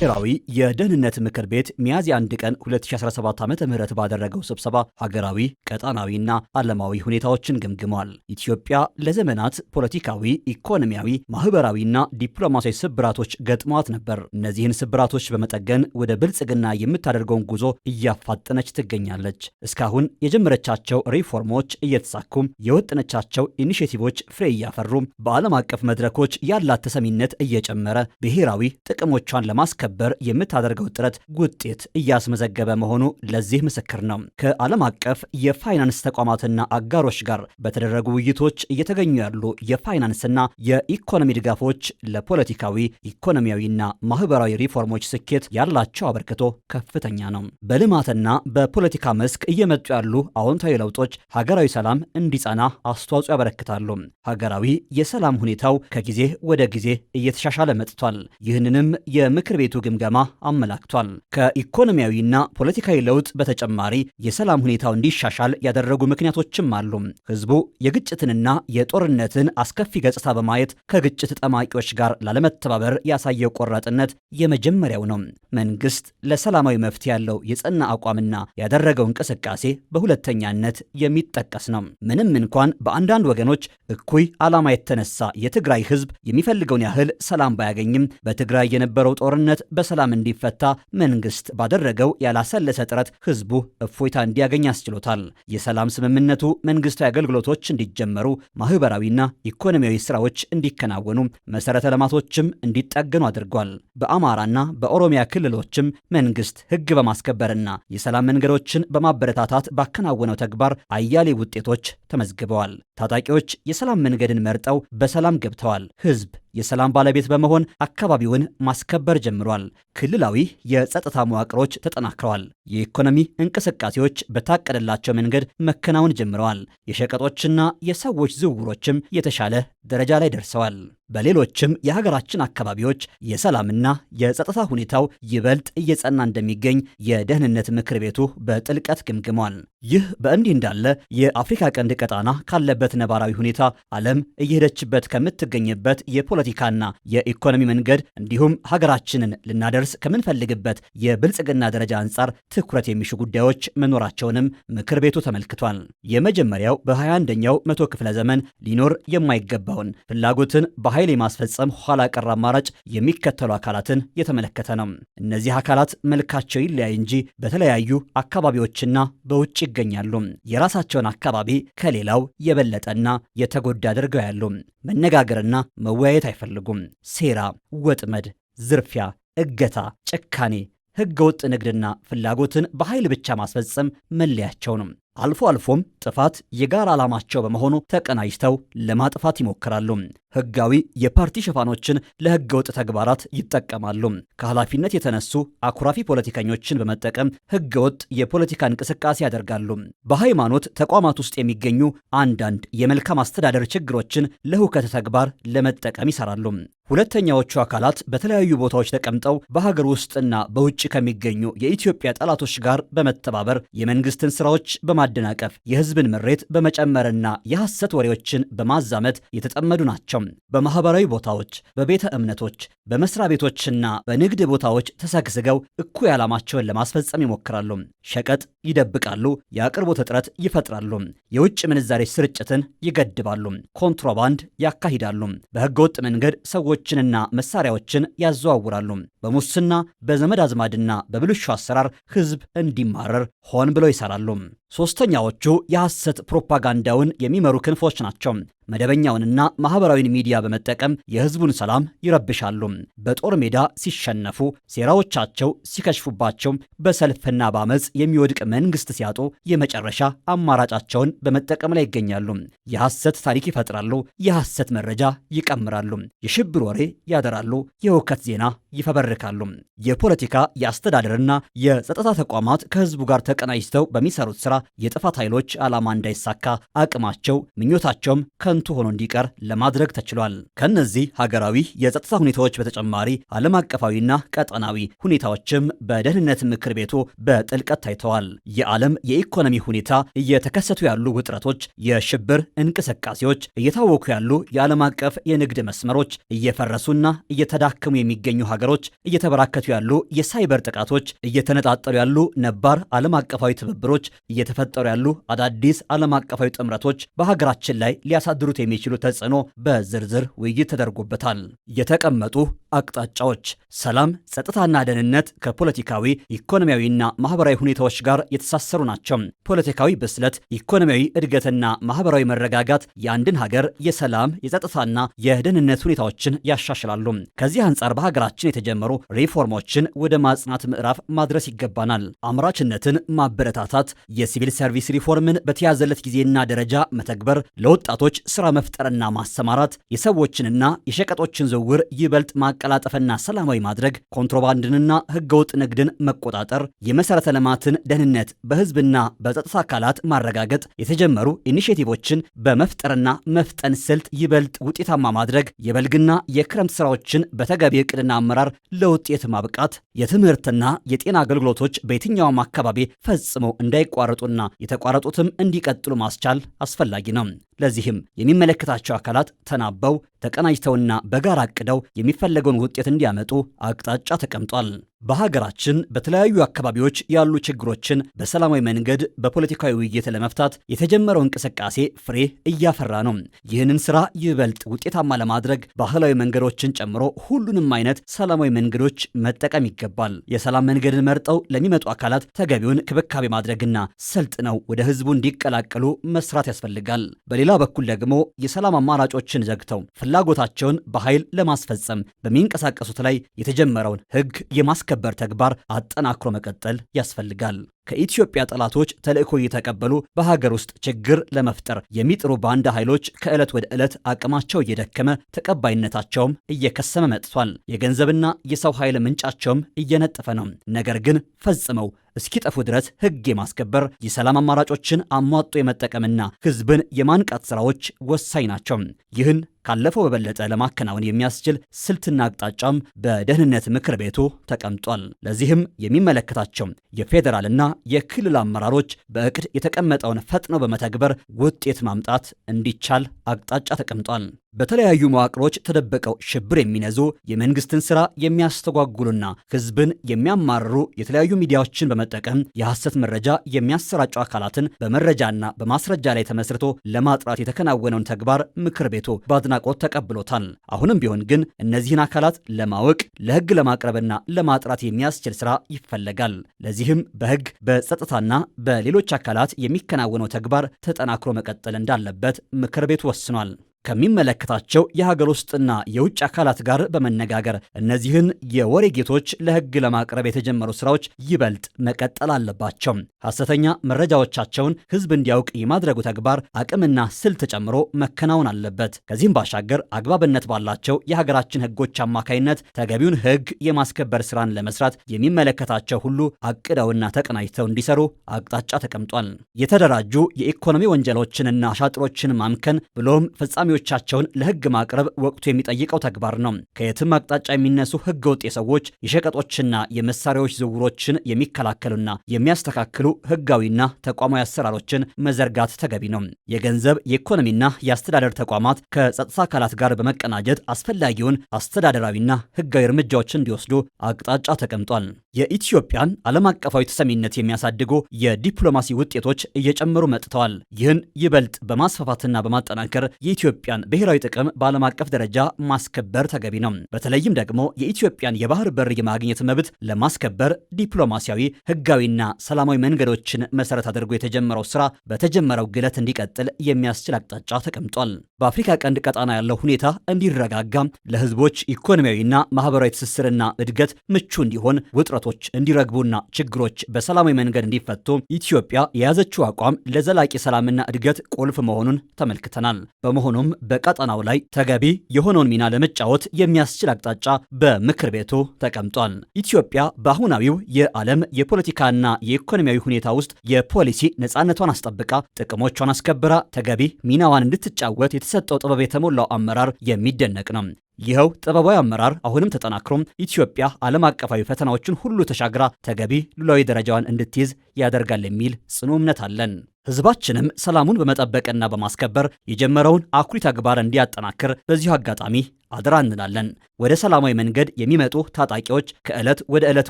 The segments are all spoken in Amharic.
ብሔራዊ የደህንነት ምክር ቤት ሚያዝያ አንድ ቀን 2017 ዓ ም ባደረገው ስብሰባ ሀገራዊ ቀጣናዊና ዓለማዊ ሁኔታዎችን ገምግሟል። ኢትዮጵያ ለዘመናት ፖለቲካዊ፣ ኢኮኖሚያዊ፣ ማህበራዊና ዲፕሎማሲያዊ ስብራቶች ገጥሟት ነበር። እነዚህን ስብራቶች በመጠገን ወደ ብልጽግና የምታደርገውን ጉዞ እያፋጠነች ትገኛለች። እስካሁን የጀመረቻቸው ሪፎርሞች እየተሳኩም፣ የወጠነቻቸው ኢኒሽቲቮች ፍሬ እያፈሩም፣ በዓለም አቀፍ መድረኮች ያላት ተሰሚነት እየጨመረ ብሔራዊ ጥቅሞቿን ለማስከበር ለማስከበር የምታደርገው ጥረት ውጤት እያስመዘገበ መሆኑ ለዚህ ምስክር ነው። ከዓለም አቀፍ የፋይናንስ ተቋማትና አጋሮች ጋር በተደረጉ ውይይቶች እየተገኙ ያሉ የፋይናንስና የኢኮኖሚ ድጋፎች ለፖለቲካዊ ኢኮኖሚያዊና ማህበራዊ ሪፎርሞች ስኬት ያላቸው አበርክቶ ከፍተኛ ነው። በልማትና በፖለቲካ መስክ እየመጡ ያሉ አዎንታዊ ለውጦች ሀገራዊ ሰላም እንዲጸና አስተዋጽኦ ያበረክታሉ። ሀገራዊ የሰላም ሁኔታው ከጊዜ ወደ ጊዜ እየተሻሻለ መጥቷል። ይህንንም የምክር ቤቱ ግምገማ አመላክቷል። ከኢኮኖሚያዊና ፖለቲካዊ ለውጥ በተጨማሪ የሰላም ሁኔታው እንዲሻሻል ያደረጉ ምክንያቶችም አሉ። ህዝቡ የግጭትንና የጦርነትን አስከፊ ገጽታ በማየት ከግጭት ጠማቂዎች ጋር ላለመተባበር ያሳየው ቆራጥነት የመጀመሪያው ነው። መንግስት ለሰላማዊ መፍትሄ ያለው የጸና አቋምና ያደረገው እንቅስቃሴ በሁለተኛነት የሚጠቀስ ነው። ምንም እንኳን በአንዳንድ ወገኖች እኩይ ዓላማ የተነሳ የትግራይ ህዝብ የሚፈልገውን ያህል ሰላም ባያገኝም በትግራይ የነበረው ጦርነት በሰላም እንዲፈታ መንግስት ባደረገው ያላሰለሰ ጥረት ህዝቡ እፎይታ እንዲያገኝ አስችሎታል። የሰላም ስምምነቱ መንግስታዊ አገልግሎቶች እንዲጀመሩ፣ ማህበራዊና ኢኮኖሚያዊ ስራዎች እንዲከናወኑ፣ መሰረተ ልማቶችም እንዲጠገኑ አድርጓል። በአማራና በኦሮሚያ ክልሎችም መንግስት ህግ በማስከበርና የሰላም መንገዶችን በማበረታታት ባከናወነው ተግባር አያሌ ውጤቶች ተመዝግበዋል። ታጣቂዎች የሰላም መንገድን መርጠው በሰላም ገብተዋል። ህዝብ የሰላም ባለቤት በመሆን አካባቢውን ማስከበር ጀምሯል። ክልላዊ የጸጥታ መዋቅሮች ተጠናክረዋል። የኢኮኖሚ እንቅስቃሴዎች በታቀደላቸው መንገድ መከናወን ጀምረዋል። የሸቀጦችና የሰዎች ዝውውሮችም የተሻለ ደረጃ ላይ ደርሰዋል። በሌሎችም የሀገራችን አካባቢዎች የሰላምና የጸጥታ ሁኔታው ይበልጥ እየጸና እንደሚገኝ የደህንነት ምክር ቤቱ በጥልቀት ግምግሟል። ይህ በእንዲህ እንዳለ የአፍሪካ ቀንድ ቀጣና ካለበት ነባራዊ ሁኔታ ዓለም እየሄደችበት ከምትገኝበት የፖለ የፖለቲካና የኢኮኖሚ መንገድ እንዲሁም ሀገራችንን ልናደርስ ከምንፈልግበት የብልጽግና ደረጃ አንጻር ትኩረት የሚሹ ጉዳዮች መኖራቸውንም ምክር ቤቱ ተመልክቷል። የመጀመሪያው በ21ኛው መቶ ክፍለ ዘመን ሊኖር የማይገባውን ፍላጎትን በኃይል የማስፈጸም ኋላ ቀር አማራጭ የሚከተሉ አካላትን የተመለከተ ነው። እነዚህ አካላት መልካቸው ይለያይ እንጂ በተለያዩ አካባቢዎችና በውጭ ይገኛሉ። የራሳቸውን አካባቢ ከሌላው የበለጠና የተጎዳ አድርገው ያሉ መነጋገርና መወያየት አይፈልጉም። ሴራ፣ ወጥመድ፣ ዝርፊያ፣ እገታ፣ ጭካኔ፣ ህገ ወጥ ንግድና ፍላጎትን በኃይል ብቻ ማስፈጸም መለያቸው ነው። አልፎ አልፎም ጥፋት የጋራ ዓላማቸው በመሆኑ ተቀናጅተው ለማጥፋት ይሞክራሉ። ህጋዊ የፓርቲ ሽፋኖችን ለህገ ወጥ ተግባራት ይጠቀማሉ። ከኃላፊነት የተነሱ አኩራፊ ፖለቲከኞችን በመጠቀም ህገ ወጥ የፖለቲካ እንቅስቃሴ ያደርጋሉ። በሃይማኖት ተቋማት ውስጥ የሚገኙ አንዳንድ የመልካም አስተዳደር ችግሮችን ለሁከት ተግባር ለመጠቀም ይሰራሉ። ሁለተኛዎቹ አካላት በተለያዩ ቦታዎች ተቀምጠው በሀገር ውስጥና በውጭ ከሚገኙ የኢትዮጵያ ጠላቶች ጋር በመተባበር የመንግስትን ስራዎች በማደናቀፍ የህዝብን ምሬት በመጨመርና የሐሰት ወሬዎችን በማዛመት የተጠመዱ ናቸው። በማህበራዊ ቦታዎች፣ በቤተ እምነቶች፣ በመስሪያ ቤቶችና በንግድ ቦታዎች ተሰግስገው እኩይ ዓላማቸውን ለማስፈጸም ይሞክራሉ። ሸቀጥ ይደብቃሉ፣ የአቅርቦት እጥረት ይፈጥራሉ፣ የውጭ ምንዛሬ ስርጭትን ይገድባሉ፣ ኮንትሮባንድ ያካሂዳሉ፣ በህገወጥ መንገድ ሰዎች ሰዎችንና መሳሪያዎችን ያዘዋውራሉ። በሙስና በዘመድ አዝማድና በብልሹ አሰራር ህዝብ እንዲማረር ሆን ብለው ይሰራሉ። ሶስተኛዎቹ የሐሰት ፕሮፓጋንዳውን የሚመሩ ክንፎች ናቸው። መደበኛውንና ማህበራዊን ሚዲያ በመጠቀም የህዝቡን ሰላም ይረብሻሉ። በጦር ሜዳ ሲሸነፉ፣ ሴራዎቻቸው ሲከሽፉባቸው፣ በሰልፍና በአመፅ የሚወድቅ መንግስት ሲያጡ የመጨረሻ አማራጫቸውን በመጠቀም ላይ ይገኛሉ። የሐሰት ታሪክ ይፈጥራሉ። የሐሰት መረጃ ይቀምራሉ። የሽብር ወሬ ያደራሉ። የውከት ዜና ይፈበርካሉ። የፖለቲካ የአስተዳደርና የጸጥታ ተቋማት ከህዝቡ ጋር ተቀናጅተው በሚሰሩት ስራ የጥፋት ኃይሎች ዓላማ እንዳይሳካ አቅማቸው ምኞታቸውም ከንቱ ሆኖ እንዲቀር ለማድረግ ተችሏል። ከእነዚህ ሀገራዊ የጸጥታ ሁኔታዎች በተጨማሪ ዓለም አቀፋዊና ቀጠናዊ ሁኔታዎችም በደህንነት ምክር ቤቱ በጥልቀት ታይተዋል። የዓለም የኢኮኖሚ ሁኔታ፣ እየተከሰቱ ያሉ ውጥረቶች፣ የሽብር እንቅስቃሴዎች፣ እየታወኩ ያሉ የዓለም አቀፍ የንግድ መስመሮች፣ እየፈረሱና እየተዳከሙ የሚገኙ ሀገሮች፣ እየተበራከቱ ያሉ የሳይበር ጥቃቶች፣ እየተነጣጠሉ ያሉ ነባር ዓለም አቀፋዊ ትብብሮች፣ እየ። እየተፈጠሩ ያሉ አዳዲስ ዓለም አቀፋዊ ጥምረቶች በሀገራችን ላይ ሊያሳድሩት የሚችሉ ተጽዕኖ በዝርዝር ውይይት ተደርጎበታል። የተቀመጡ አቅጣጫዎች ሰላም፣ ጸጥታና ደህንነት ከፖለቲካዊ ኢኮኖሚያዊና ማህበራዊ ሁኔታዎች ጋር የተሳሰሩ ናቸው። ፖለቲካዊ ብስለት፣ ኢኮኖሚያዊ እድገትና ማህበራዊ መረጋጋት የአንድን ሀገር የሰላም የጸጥታና የደህንነት ሁኔታዎችን ያሻሽላሉ። ከዚህ አንጻር በሀገራችን የተጀመሩ ሪፎርሞችን ወደ ማጽናት ምዕራፍ ማድረስ ይገባናል። አምራችነትን ማበረታታት የሲ የሲቪል ሰርቪስ ሪፎርምን በተያዘለት ጊዜና ደረጃ መተግበር፣ ለወጣቶች ስራ መፍጠርና ማሰማራት፣ የሰዎችንና የሸቀጦችን ዝውውር ይበልጥ ማቀላጠፍና ሰላማዊ ማድረግ፣ ኮንትሮባንድንና ህገወጥ ንግድን መቆጣጠር፣ የመሰረተ ልማትን ደህንነት በህዝብና በጸጥታ አካላት ማረጋገጥ፣ የተጀመሩ ኢኒሽቲቮችን በመፍጠርና መፍጠን ስልት ይበልጥ ውጤታማ ማድረግ፣ የበልግና የክረምት ስራዎችን በተገቢ እቅድና አመራር ለውጤት ማብቃት፣ የትምህርትና የጤና አገልግሎቶች በየትኛውም አካባቢ ፈጽሞ እንዳይቋረጡ እንዲያበቁና የተቋረጡትም እንዲቀጥሉ ማስቻል አስፈላጊ ነው። ለዚህም የሚመለከታቸው አካላት ተናበው ተቀናጅተውና በጋራ አቅደው የሚፈለገውን ውጤት እንዲያመጡ አቅጣጫ ተቀምጧል። በሀገራችን በተለያዩ አካባቢዎች ያሉ ችግሮችን በሰላማዊ መንገድ በፖለቲካዊ ውይይት ለመፍታት የተጀመረው እንቅስቃሴ ፍሬ እያፈራ ነው። ይህንን ስራ ይበልጥ ውጤታማ ለማድረግ ባህላዊ መንገዶችን ጨምሮ ሁሉንም አይነት ሰላማዊ መንገዶች መጠቀም ይገባል። የሰላም መንገድን መርጠው ለሚመጡ አካላት ተገቢውን ክብካቤ ማድረግና ሰልጥነው ወደ ህዝቡ እንዲቀላቀሉ መስራት ያስፈልጋል። በሌላ በሌላ በኩል ደግሞ የሰላም አማራጮችን ዘግተው ፍላጎታቸውን በኃይል ለማስፈጸም በሚንቀሳቀሱት ላይ የተጀመረውን ሕግ የማስከበር ተግባር አጠናክሮ መቀጠል ያስፈልጋል። ከኢትዮጵያ ጠላቶች ተልእኮ እየተቀበሉ በሀገር ውስጥ ችግር ለመፍጠር የሚጥሩ ባንዳ ኃይሎች ከዕለት ወደ ዕለት አቅማቸው እየደከመ ተቀባይነታቸውም እየከሰመ መጥቷል። የገንዘብና የሰው ኃይል ምንጫቸውም እየነጠፈ ነው። ነገር ግን ፈጽመው እስኪጠፉ ድረስ ሕግ የማስከበር የሰላም አማራጮችን አሟጦ የመጠቀምና ሕዝብን የማንቃት ስራዎች ወሳኝ ናቸው። ይህን ካለፈው በበለጠ ለማከናወን የሚያስችል ስልትና አቅጣጫም በደህንነት ምክር ቤቱ ተቀምጧል። ለዚህም የሚመለከታቸው የፌዴራልና የክልል አመራሮች በእቅድ የተቀመጠውን ፈጥነው በመተግበር ውጤት ማምጣት እንዲቻል አቅጣጫ ተቀምጧል። በተለያዩ መዋቅሮች ተደብቀው ሽብር የሚነዙ የመንግስትን ስራ የሚያስተጓጉሉና ህዝብን የሚያማርሩ የተለያዩ ሚዲያዎችን በመጠቀም የሐሰት መረጃ የሚያሰራጩ አካላትን በመረጃና በማስረጃ ላይ ተመስርቶ ለማጥራት የተከናወነውን ተግባር ምክር ቤቱ በአድናቆት ተቀብሎታል። አሁንም ቢሆን ግን እነዚህን አካላት ለማወቅ ለህግ ለማቅረብና ለማጥራት የሚያስችል ስራ ይፈለጋል። ለዚህም በህግ በጸጥታና በሌሎች አካላት የሚከናወነው ተግባር ተጠናክሮ መቀጠል እንዳለበት ምክር ቤቱ ወስኗል። ከሚመለከታቸው የሀገር ውስጥና የውጭ አካላት ጋር በመነጋገር እነዚህን የወሬ ጌቶች ለሕግ ለማቅረብ የተጀመሩ ስራዎች ይበልጥ መቀጠል አለባቸው። ሐሰተኛ መረጃዎቻቸውን ሕዝብ እንዲያውቅ የማድረጉ ተግባር አቅምና ስልት ጨምሮ መከናወን አለበት። ከዚህም ባሻገር አግባብነት ባላቸው የሀገራችን ሕጎች አማካይነት ተገቢውን ሕግ የማስከበር ስራን ለመስራት የሚመለከታቸው ሁሉ አቅደውና ተቀናጅተው እንዲሰሩ አቅጣጫ ተቀምጧል። የተደራጁ የኢኮኖሚ ወንጀሎችንና አሻጥሮችን ማምከን ብሎም ፍጻሜ ተቃዋሚዎቻቸውን ለህግ ማቅረብ ወቅቱ የሚጠይቀው ተግባር ነው። ከየትም አቅጣጫ የሚነሱ ህገ ወጥ የሰዎች የሸቀጦችና የመሳሪያዎች ዝውውሮችን የሚከላከሉና የሚያስተካክሉ ህጋዊና ተቋማዊ አሰራሮችን መዘርጋት ተገቢ ነው። የገንዘብ የኢኮኖሚና የአስተዳደር ተቋማት ከጸጥታ አካላት ጋር በመቀናጀት አስፈላጊውን አስተዳደራዊና ህጋዊ እርምጃዎች እንዲወስዱ አቅጣጫ ተቀምጧል። የኢትዮጵያን ዓለም አቀፋዊ ተሰሚነት የሚያሳድጉ የዲፕሎማሲ ውጤቶች እየጨመሩ መጥተዋል። ይህን ይበልጥ በማስፋፋትና በማጠናከር የኢትዮጵያ የኢትዮጵያን ብሔራዊ ጥቅም በዓለም አቀፍ ደረጃ ማስከበር ተገቢ ነው። በተለይም ደግሞ የኢትዮጵያን የባህር በር የማግኘት መብት ለማስከበር ዲፕሎማሲያዊ፣ ህጋዊና ሰላማዊ መንገዶችን መሰረት አድርጎ የተጀመረው ስራ በተጀመረው ግለት እንዲቀጥል የሚያስችል አቅጣጫ ተቀምጧል። በአፍሪካ ቀንድ ቀጣና ያለው ሁኔታ እንዲረጋጋ ለህዝቦች ኢኮኖሚያዊና ማህበራዊ ትስስርና እድገት ምቹ እንዲሆን ውጥረቶች እንዲረግቡና ችግሮች በሰላማዊ መንገድ እንዲፈቱ ኢትዮጵያ የያዘችው አቋም ለዘላቂ ሰላምና እድገት ቁልፍ መሆኑን ተመልክተናል። በመሆኑም በመሆኑም በቀጠናው ላይ ተገቢ የሆነውን ሚና ለመጫወት የሚያስችል አቅጣጫ በምክር ቤቱ ተቀምጧል። ኢትዮጵያ በአሁናዊው የዓለም የፖለቲካና የኢኮኖሚያዊ ሁኔታ ውስጥ የፖሊሲ ነፃነቷን አስጠብቃ ጥቅሞቿን አስከብራ ተገቢ ሚናዋን እንድትጫወት የተሰጠው ጥበብ የተሞላው አመራር የሚደነቅ ነው። ይኸው ጥበባዊ አመራር አሁንም ተጠናክሮም ኢትዮጵያ ዓለም አቀፋዊ ፈተናዎችን ሁሉ ተሻግራ ተገቢ ሉላዊ ደረጃዋን እንድትይዝ ያደርጋል የሚል ጽኑ እምነት አለን። ህዝባችንም ሰላሙን በመጠበቅና በማስከበር የጀመረውን አኩሪ ተግባር እንዲያጠናክር በዚሁ አጋጣሚ አደራ እንላለን። ወደ ሰላማዊ መንገድ የሚመጡ ታጣቂዎች ከዕለት ወደ ዕለት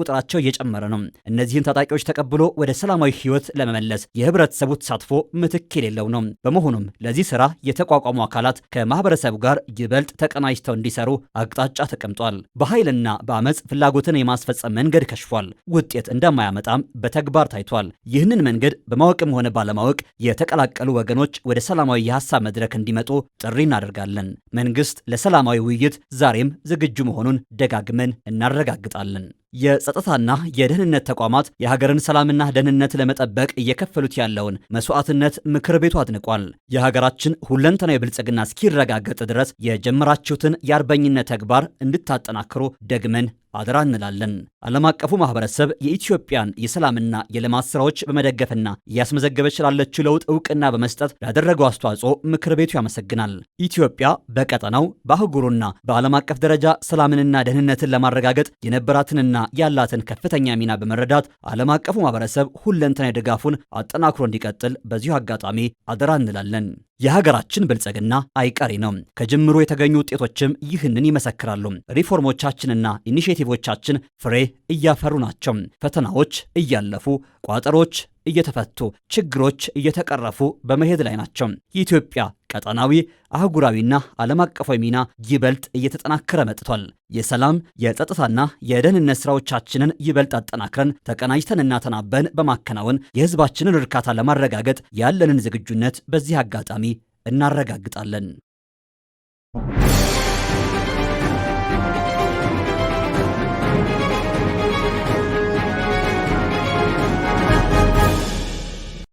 ቁጥራቸው እየጨመረ ነው። እነዚህን ታጣቂዎች ተቀብሎ ወደ ሰላማዊ ሕይወት ለመመለስ የህብረተሰቡ ተሳትፎ ምትክ የሌለው ነው። በመሆኑም ለዚህ ስራ የተቋቋሙ አካላት ከማህበረሰቡ ጋር ይበልጥ ተቀናጅተው እንዲሰሩ አቅጣጫ ተቀምጧል። በኃይልና በአመፅ ፍላጎትን የማስፈጸም መንገድ ከሽፏል። ውጤት እንደማያመጣም በተግባር ታይቷል። ይህንን መንገድ በማወቅም ሆነ ባለማወቅ የተቀላቀሉ ወገኖች ወደ ሰላማዊ የሀሳብ መድረክ እንዲመጡ ጥሪ እናደርጋለን። መንግስት ለሰላማዊ ውይይት ዛሬም ዝግጁ መሆኑን ደጋግመን እናረጋግጣለን። የጸጥታና የደህንነት ተቋማት የሀገርን ሰላምና ደህንነት ለመጠበቅ እየከፈሉት ያለውን መስዋዕትነት ምክር ቤቱ አድንቋል። የሀገራችን ሁለንተናዊ ብልጽግና እስኪረጋገጥ ድረስ የጀመራችሁትን የአርበኝነት ተግባር እንድታጠናክሩ ደግመን አደራ እንላለን። ዓለም አቀፉ ማህበረሰብ የኢትዮጵያን የሰላምና የልማት ስራዎች በመደገፍና እያስመዘገበች ላለችው ለውጥ እውቅና በመስጠት ላደረገው አስተዋጽኦ ምክር ቤቱ ያመሰግናል። ኢትዮጵያ በቀጠናው በአህጉሩና በዓለም አቀፍ ደረጃ ሰላምንና ደህንነትን ለማረጋገጥ የነበራትንና ያላትን ከፍተኛ ሚና በመረዳት ዓለም አቀፉ ማህበረሰብ ሁለንተና ድጋፉን አጠናክሮ እንዲቀጥል በዚሁ አጋጣሚ አደራ እንላለን። የሀገራችን ብልጽግና አይቀሬ ነው። ከጀምሮ የተገኙ ውጤቶችም ይህንን ይመሰክራሉ። ሪፎርሞቻችንና ኢኒሽቲቮቻችን ፍሬ እያፈሩ ናቸው። ፈተናዎች እያለፉ ቋጠሮች እየተፈቱ ችግሮች እየተቀረፉ በመሄድ ላይ ናቸው። የኢትዮጵያ ቀጠናዊ አህጉራዊና ዓለም አቀፋዊ ሚና ይበልጥ እየተጠናከረ መጥቷል። የሰላም የጸጥታና የደህንነት ስራዎቻችንን ይበልጥ አጠናክረን ተቀናጅተንና ተናበን በማከናወን የህዝባችንን እርካታ ለማረጋገጥ ያለንን ዝግጁነት በዚህ አጋጣሚ እናረጋግጣለን።